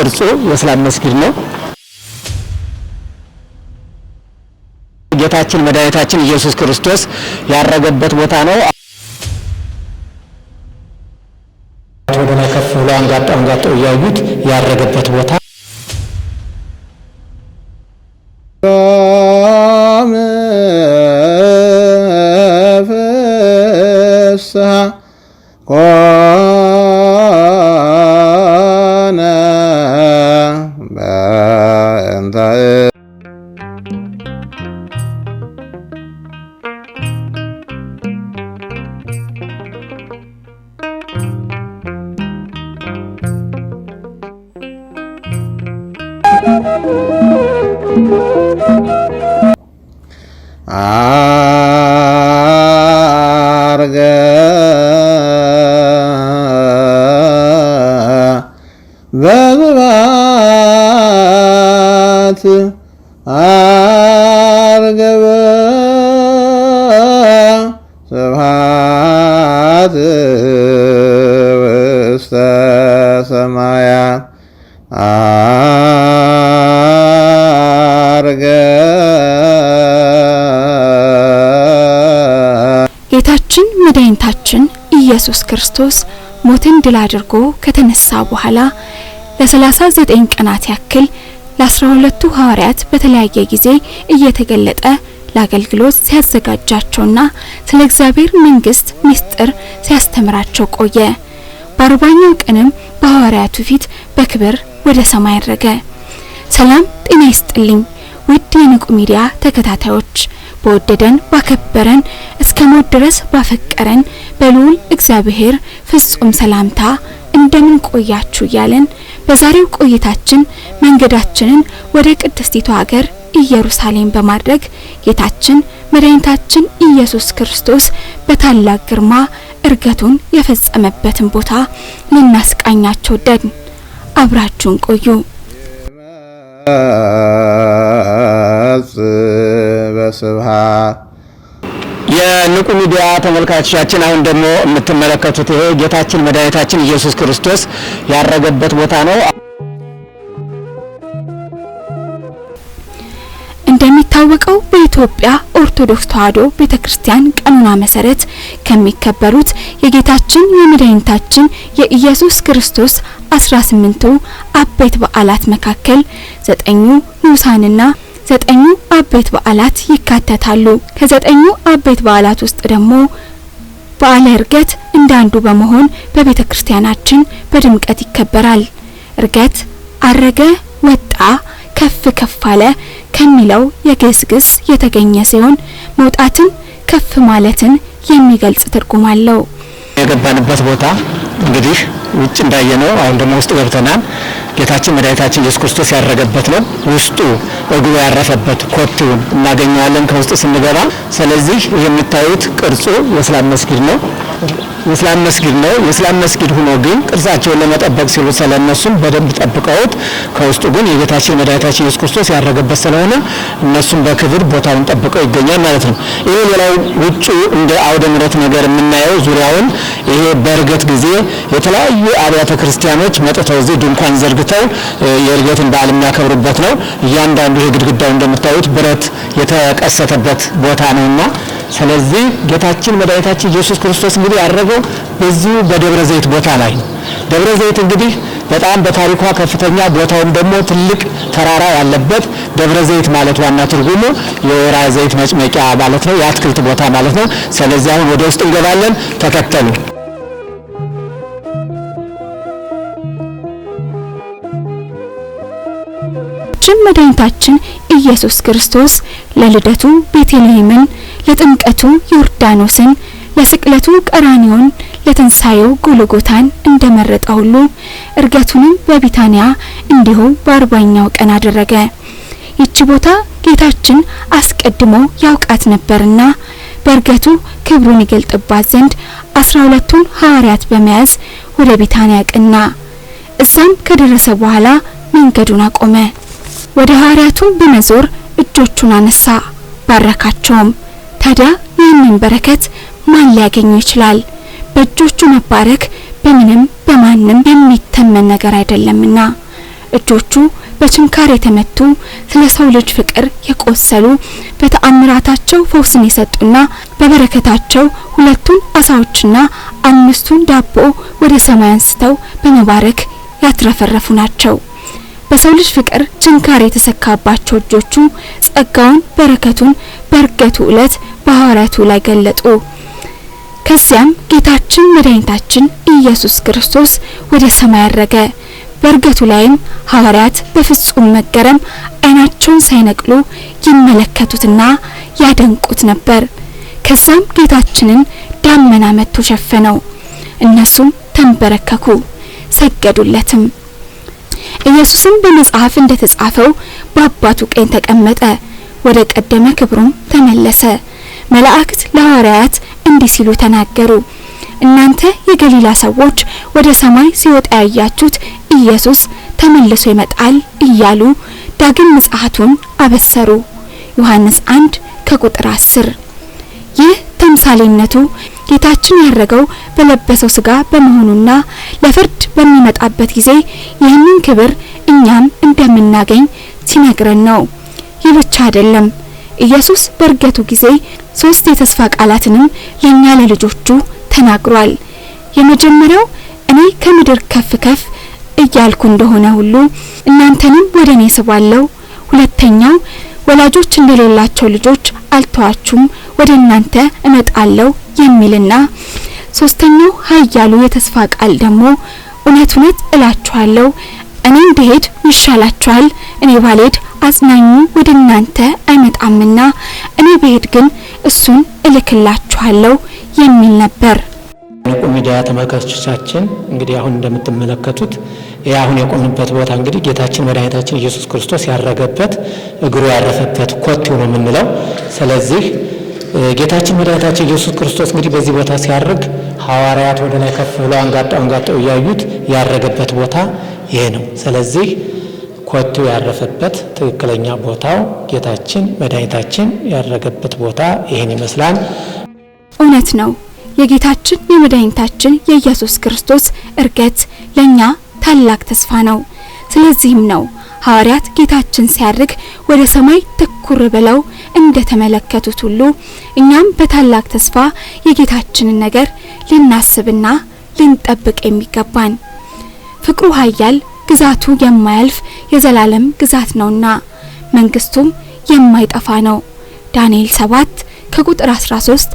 ቅርጹ የእስላም መስጊድ ነው። ጌታችን መድኃኒታችን ኢየሱስ ክርስቶስ ያረገበት ቦታ ነው። ወደ ከፍ ብሎ አንጋጣ አንጋጣው እያዩት ያረገበት ቦታ ሳ አርገ በግባት አርገበ ስብሃት መድኃኒታችን ኢየሱስ ክርስቶስ ሞትን ድል አድርጎ ከተነሳ በኋላ ለ39 ቀናት ያክል ለ12ቱ ሐዋርያት በተለያየ ጊዜ እየተገለጠ ለአገልግሎት ሲያዘጋጃቸውና ስለ እግዚአብሔር መንግስት ምስጢር ሲያስተምራቸው ቆየ። በአርባኛው ቀንም በሐዋርያቱ ፊት በክብር ወደ ሰማይ አረገ። ሰላም ጤና ይስጥልኝ ውድ የንቁ ሚዲያ ተከታታዮች በወደደን ባከበረን እስከ ሞት ድረስ ባፈቀረን በልዑል እግዚአብሔር ፍጹም ሰላምታ እንደምን ቆያችሁ እያለን በዛሬው ቆይታችን መንገዳችንን ወደ ቅድስቲቱ ሀገር ኢየሩሳሌም በማድረግ ጌታችን መድኃኒታችን ኢየሱስ ክርስቶስ በታላቅ ግርማ እርገቱን የፈጸመበትን ቦታ ልናስቃኛቸው ወደድን። አብራችሁን ቆዩ። ወስብሃ የንቁ ሚዲያ ተመልካቾቻችን አሁን ደግሞ የምትመለከቱት ይሄ ጌታችን መድኃኒታችን ኢየሱስ ክርስቶስ ያረገበት ቦታ ነው። እንደሚታወቀው በኢትዮጵያ ኦርቶዶክስ ተዋሕዶ ቤተ ክርስቲያን ቀኖና መሰረት ከሚከበሩት የጌታችን የመድኃኒታችን የኢየሱስ ክርስቶስ አስራ ስምንቱ አበይት በዓላት መካከል ዘጠኙ ንዑሳንና ዘጠኙ አበይት በዓላት ይካተታሉ። ከዘጠኙ አበይት በዓላት ውስጥ ደግሞ በዓለ ዕርገት እንዳንዱ በመሆን በቤተ ክርስቲያናችን በድምቀት ይከበራል። እርገት አረገ፣ ወጣ፣ ከፍ ከፍ አለ ከሚለው የግዕዝ ግስ የተገኘ ሲሆን መውጣትን ከፍ ማለትን የሚገልጽ ትርጉም አለው። የገባንበት ቦታ እንግዲህ ውጭ እንዳየ ነው አሁን ደግሞ ውስጥ ገብተናል። ጌታችን መድኃኒታችን ኢየሱስ ክርስቶስ ያረገበት ነው። ውስጡ እግሩ ያረፈበት ኮቴውን እናገኘዋለን ከውስጥ ስንገባ። ስለዚህ ይህ የምታዩት ቅርጹ የእስላም መስጊድ ነው የእስላም መስጊድ ነው። የእስላም መስጊድ ሆኖ ግን ቅርጻቸውን ለመጠበቅ ሲሉ ስለእነሱም በደንብ ጠብቀውት ከውስጡ ግን የጌታችን መድኃኒታችን ኢየሱስ ክርስቶስ ያረገበት ስለሆነ እነሱም በክብር ቦታውን ጠብቀው ይገኛል ማለት ነው። ይሄ ሌላው ውጭ እንደ አውደ ምረት ነገር የምናየው ዙሪያውን ይሄ በእርገት ጊዜ የተለያዩ ከተለያዩ አብያተ ክርስቲያኖች መጥተው እዚህ ድንኳን ዘርግተው የእርገትን በዓል የሚያከብሩበት ነው። እያንዳንዱ ይህ ግድግዳው እንደምታዩት ብረት የተቀሰተበት ቦታ ነውና ስለዚህ ጌታችን መድኃኒታችን ኢየሱስ ክርስቶስ እንግዲህ ያረገው በዚሁ በደብረ ዘይት ቦታ ላይ ነው። ደብረ ዘይት እንግዲህ በጣም በታሪኳ ከፍተኛ ቦታውም ደግሞ ትልቅ ተራራ ያለበት ደብረ ዘይት ማለት ዋና ትርጉሙ የወይራ ዘይት መጭመቂያ ማለት ነው፣ የአትክልት ቦታ ማለት ነው። ስለዚህ አሁን ወደ ውስጥ እንገባለን። ተከተሉ። ጌታችን መድኃኒታችን ኢየሱስ ክርስቶስ ለልደቱ ቤተልሔምን፣ ለጥምቀቱ ዮርዳኖስን፣ ለስቅለቱ ቀራኒዮን፣ ለትንሣኤው ጎልጎታን እንደመረጠ ሁሉ እርገቱንም በቢታንያ እንዲሁ በአርባኛው ቀን አደረገ። ይቺ ቦታ ጌታችን አስቀድሞ ያውቃት ነበርና በእርገቱ ክብሩን ይገልጥባት ዘንድ አስራ ሁለቱን ሐዋርያት በመያዝ ወደ ቢታንያ ቀና። እዛም ከደረሰ በኋላ መንገዱን አቆመ። ወደ ሐዋርያቱ በመዞር እጆቹን አነሳ ባረካቸውም። ታዲያ ይህንን በረከት ማን ሊያገኝ ይችላል? በእጆቹ መባረክ በምንም በማንም የሚተመን ነገር አይደለምና እጆቹ በችንካር የተመቱ ስለ ሰው ልጅ ፍቅር የቆሰሉ በተአምራታቸው ፈውስን የሰጡና በበረከታቸው ሁለቱን አሳዎችና አምስቱን ዳቦ ወደ ሰማይ አንስተው በመባረክ ያትረፈረፉ ናቸው። በሰው ልጅ ፍቅር ችንካር የተሰካባቸው እጆቹ ጸጋውን በረከቱን በእርገቱ ዕለት በሐዋርያቱ ላይ ገለጡ። ከዚያም ጌታችን መድኃኒታችን ኢየሱስ ክርስቶስ ወደ ሰማይ አረገ። በእርገቱ ላይም ሐዋርያት በፍጹም መገረም ዓይናቸውን ሳይነቅሉ ይመለከቱትና ያደንቁት ነበር። ከዛም ጌታችንን ዳመና መጥቶ ሸፈነው። እነሱም ተንበረከኩ፣ ሰገዱለትም። ኢየሱስም በመጽሐፍ እንደተጻፈው በአባቱ ቀኝ ተቀመጠ፣ ወደ ቀደመ ክብሩም ተመለሰ። መላእክት ለሐዋርያት እንዲህ ሲሉ ተናገሩ፣ እናንተ የገሊላ ሰዎች ወደ ሰማይ ሲወጣ ያያችሁት ኢየሱስ ተመልሶ ይመጣል እያሉ ዳግም ምጽአቱን አበሰሩ። ዮሐንስ 1 ከቁጥር 10 ይህ ተምሳሌነቱ ጌታችን ያረገው በለበሰው ስጋ በመሆኑና ለፍርድ በሚመጣበት ጊዜ ይህንን ክብር እኛም እንደምናገኝ ሲነግረን ነው። ይህ ብቻ አይደለም። ኢየሱስ በእርገቱ ጊዜ ሶስት የተስፋ ቃላትንም ለእኛ ለልጆቹ ተናግሯል። የመጀመሪያው እኔ ከምድር ከፍ ከፍ እያልኩ እንደሆነ ሁሉ እናንተንም ወደ እኔ ስባለሁ። ሁለተኛው ወላጆች እንደሌላቸው ልጆች አልተዋችሁም፣ ወደ እናንተ እመጣለሁ የሚልና ሶስተኛው ኃያሉ የተስፋ ቃል ደግሞ እውነት እውነት እላችኋለሁ እኔ እንደሄድ ይሻላችኋል፣ እኔ ባልሄድ አጽናኙ ወደ እናንተ አይመጣምና እኔ ብሄድ ግን እሱን እልክላችኋለሁ የሚል ነበር። ንቁ ሚዲያ ተመልካቾቻችን እንግዲህ አሁን እንደምትመለከቱት ይህ አሁን የቆምንበት ቦታ እንግዲህ ጌታችን መድኃኒታችን ኢየሱስ ክርስቶስ ያረገበት እግሩ ያረፈበት ኮቴው ነው የምንለው። ስለዚህ ጌታችን መድኃኒታችን ኢየሱስ ክርስቶስ እንግዲህ በዚህ ቦታ ሲያርግ ሐዋርያት ወደ ላይ ከፍ ብለው አንጋጠው አንጋጠው እያዩት ያረገበት ቦታ ይሄ ነው። ስለዚህ ኮቴው ያረፈበት ትክክለኛ ቦታው ጌታችን መድኃኒታችን ያረገበት ቦታ ይህን ይመስላል። እውነት ነው። የጌታችን የመድኃኒታችን የኢየሱስ ክርስቶስ እርገት ለእኛ ታላቅ ተስፋ ነው። ስለዚህም ነው ሐዋርያት ጌታችን ሲያርግ ወደ ሰማይ ትኩር ብለው እንደ ተመለከቱት ሁሉ እኛም በታላቅ ተስፋ የጌታችንን ነገር ልናስብና ልንጠብቅ የሚገባን ፍቅሩ ኃያል ግዛቱ የማያልፍ የዘላለም ግዛት ነውና መንግስቱም የማይጠፋ ነው። ዳንኤል 7 ከቁጥር 13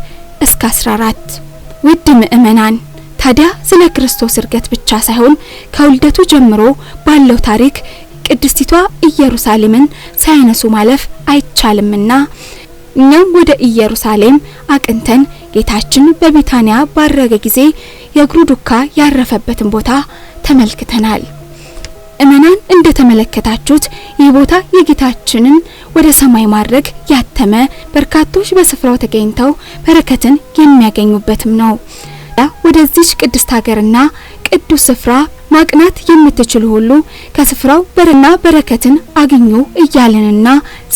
እስከ 14። ውድ ምእመናን ታዲያ ስለ ክርስቶስ እርገት ብቻ ሳይሆን ከውልደቱ ጀምሮ ባለው ታሪክ ቅድስቲቷ ኢየሩሳሌምን ሳይነሱ ማለፍ አይቻልምና እኛም ወደ ኢየሩሳሌም አቅንተን ጌታችን በቢታንያ ባረገ ጊዜ የእግሩ ዱካ ያረፈበትን ቦታ ተመልክተናል። እመናን እንደ ተመለከታችሁት ይህ ቦታ የጌታችንን ወደ ሰማይ ማድረግ ያተመ፣ በርካቶች በስፍራው ተገኝተው በረከትን የሚያገኙበትም ነው። ወደዚች ቅድስት ሀገርና ቅዱስ ስፍራ ማቅናት የምትችሉ ሁሉ ከስፍራው በርና በረከትን አግኙ እያለንና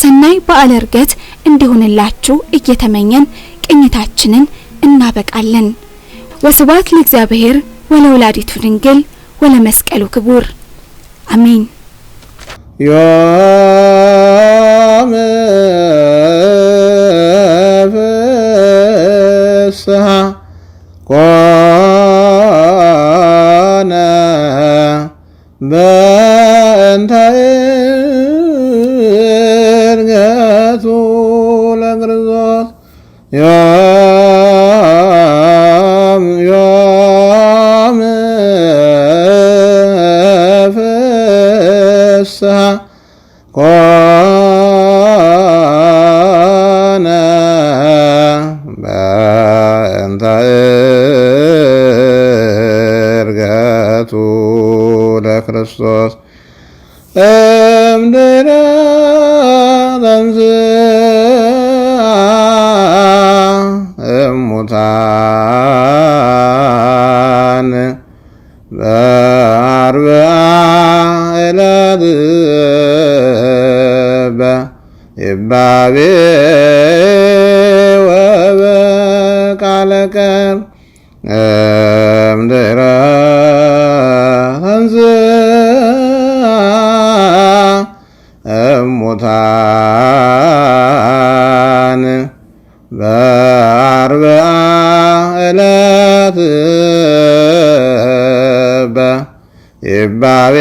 ሰናይ በዓለ ዕርገት እንዲሆንላችሁ እየተመኘን ቅኝታችንን እናበቃለን። ወስብሐት ለእግዚአብሔር ወለወላዲቱ ድንግል ወለመስቀሉ ክቡር አሜን። እምድኅረ ተንሥአ እሙታን በአርብዓ ሙታን በአርብዓ ዕለት ይባቤ